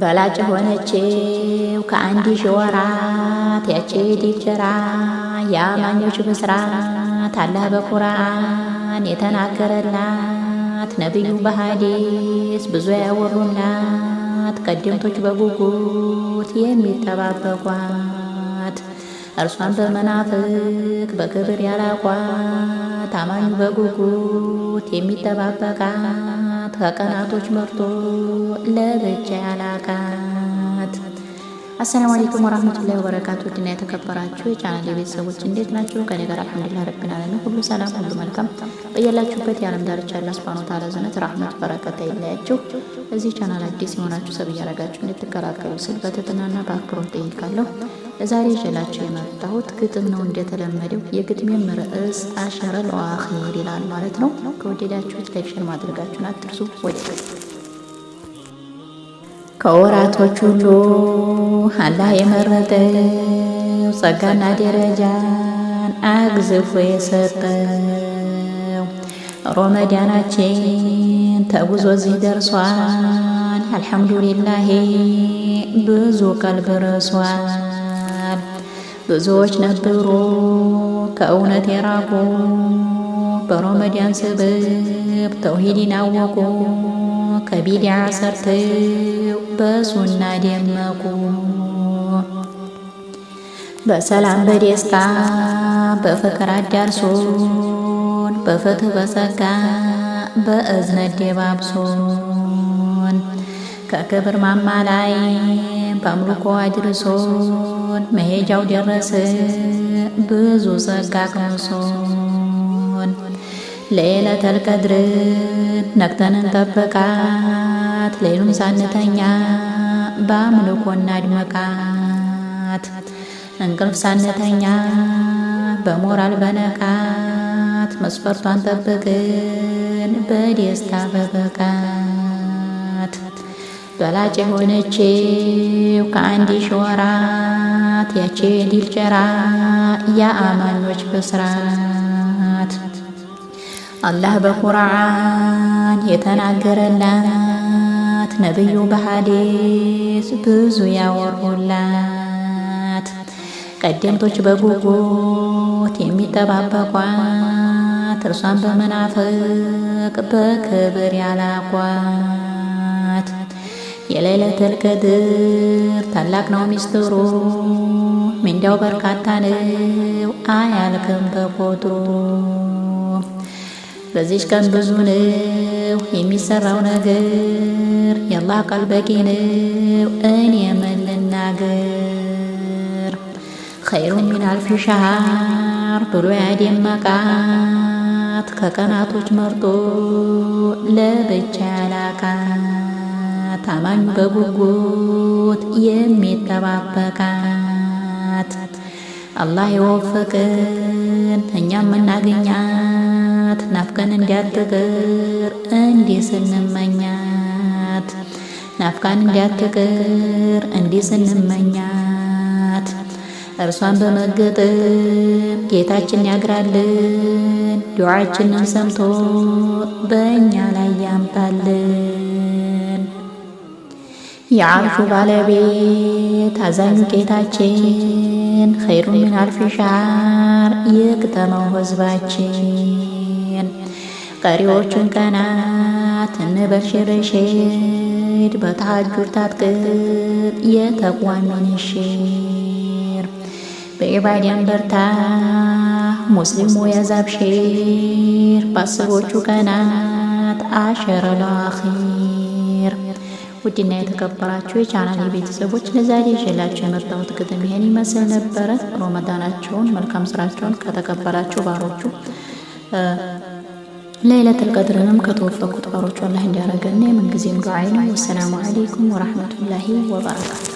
በላጭ ሆነችው ከአንድ ሺህ ወራት ያቺ ዲጀራ የአማኞች ብስራት አላህ በቁርአን የተናገረላት ነቢዩ በሐዲስ ብዙ ያወሩላት ቀደምቶች በጉጉት የሚጠባበቋት እርሷን በመናፍቅ በክብር ያላቋት አማኙ በጉጉት የሚጠባበቃት ቀናት ከቀናቶች መርቶ ለብቻ ያላቃት። አሰላሙ አለይኩም ወራህመቱላሂ ወበረካቱ። ድና የተከበራችሁ የቻናል ቤተሰቦች እንዴት ናቸው? ከኔ ጋር አልሐምዱሊላህ ረቢል ዓለሚን ሁሉ ሰላም፣ ሁሉ መልካም። በያላችሁበት የዓለም ዳርቻ አላህ ሱብሓነሁ ወተዓላ እዝነት፣ ረህመት፣ በረከት አይለያችሁ። እዚህ ቻናል አዲስ የሆናችሁ ሰብ እያደረጋችሁ እንድትቀላቀሉ ስል በትህትናና በአክብሮት ጠይቃለሁ። ለዛሬ ይዤላችሁ የመጣሁት ግጥም ነው። እንደተለመደው የግጥሜም ርዕስ አሸረል አኺር ይላል ማለት ነው። ከወደዳችሁት ላይክ፣ ሼር ማድረጋችሁን አትርሱ። ወደ ከወራቶች ሁሉ አላህ የመረጠው ጸጋና ደረጃን አግዝፎ የሰጠው ሮመዳናችን ተጉዞ እዚህ ደርሷል። አልሐምዱሊላሂ ብዙ ቀልብ ረሷል። ብዙዎች ነበሩ ከእውነት የራቁ በሮመዳን ስብብ ተውሂድን አወቁ ከቢድዓ ሰርተው በሱና ደመቁ። በሰላም በደስታ በፍቅር አዳርሶን በፍትህ በጸጋ በእዝነት ደባብሶን ከክብር ማማ ላይ በአምልኮ አድርሶን መሄጃው ደረሰ ብዙ ጸጋ ቀምሶን ለይለተል ቀድርን ነቅተን እንጠብቃት ሌሉም ሳንተኛ በአምልኮ እናድመቃት እንቅልፍ ሳንተኛ በሞራል በነቃት መስፈርቷን ጠብቅን በደስታ በበቃት በላጭ የሆነችው ከአንድ ሺህ ያቼ ሊል ጨራ የአማኞች ብስራት አላህ በቁርአን የተናገረላት ነቢዩ በሐዲስ ብዙ ያወሩላት ቀደምቶች በጉጉት የሚጠባበቋት እርሷን በመናፈቅ በክብር ያላቋ የሌለተል ቀድር ታላቅ ነው ሚስጥሩ፣ ምንዳው በርካታ ነው አያልቅም በቁጥሩ። በዚች ቀን ብዙ ነው የሚሰራው ነገር፣ የአላህ ቃል በቂ ነው እኔ ምን ልናገር? ኸይሩ ሚን አልፊ ሻሃር ብሎ ያደመቃት ከቀናቶች መርጦ ለብቻ ያላካት ታማኝ በጉጉት የሚጠባበቃት አላህ የወፈቅን እኛም እናገኛት ናፍቀን እንዲያትቅር እንዲህ ስንመኛት ናፍቃን እንዲያትቅር እንዲህ ስንመኛት እርሷን በመገጠም ጌታችን ያግራልን ዱዓችንን ሰምቶ በእኛ ላይ ያምጣልን። የአርሹ ባለቤት አዛኙ ጌታችን ኸይሩ ምን አልፍሻር ሻር ይቅጠመው ህዝባችን። ቀሪዎቹን ቀናት እንበሽርሽድ በታጁር ታጥቅጥ የተቋሚ ንሽር በኢባዲያን በርታ ሙስሊሙ የዛብሽር በአስቦቹ ቀናት አሸረ ውድና የተከበራችሁ የቻናል ቤተሰቦች ለዛሬ ይዤላችሁ የመጣሁት ግጥም ይሄን ይመስል ነበረ። ሮመዳናቸውን መልካም ስራቸውን ከተከበራችሁ ባሮቹ ለይለቱል ቀድርንም ከተወፈቁት ባሮቹ አላህ እንዲያደርገን የምንጊዜም ዱዓይ ነው። ወሰላሙ አለይኩም ወረሕመቱላሂ ወበረካቱ።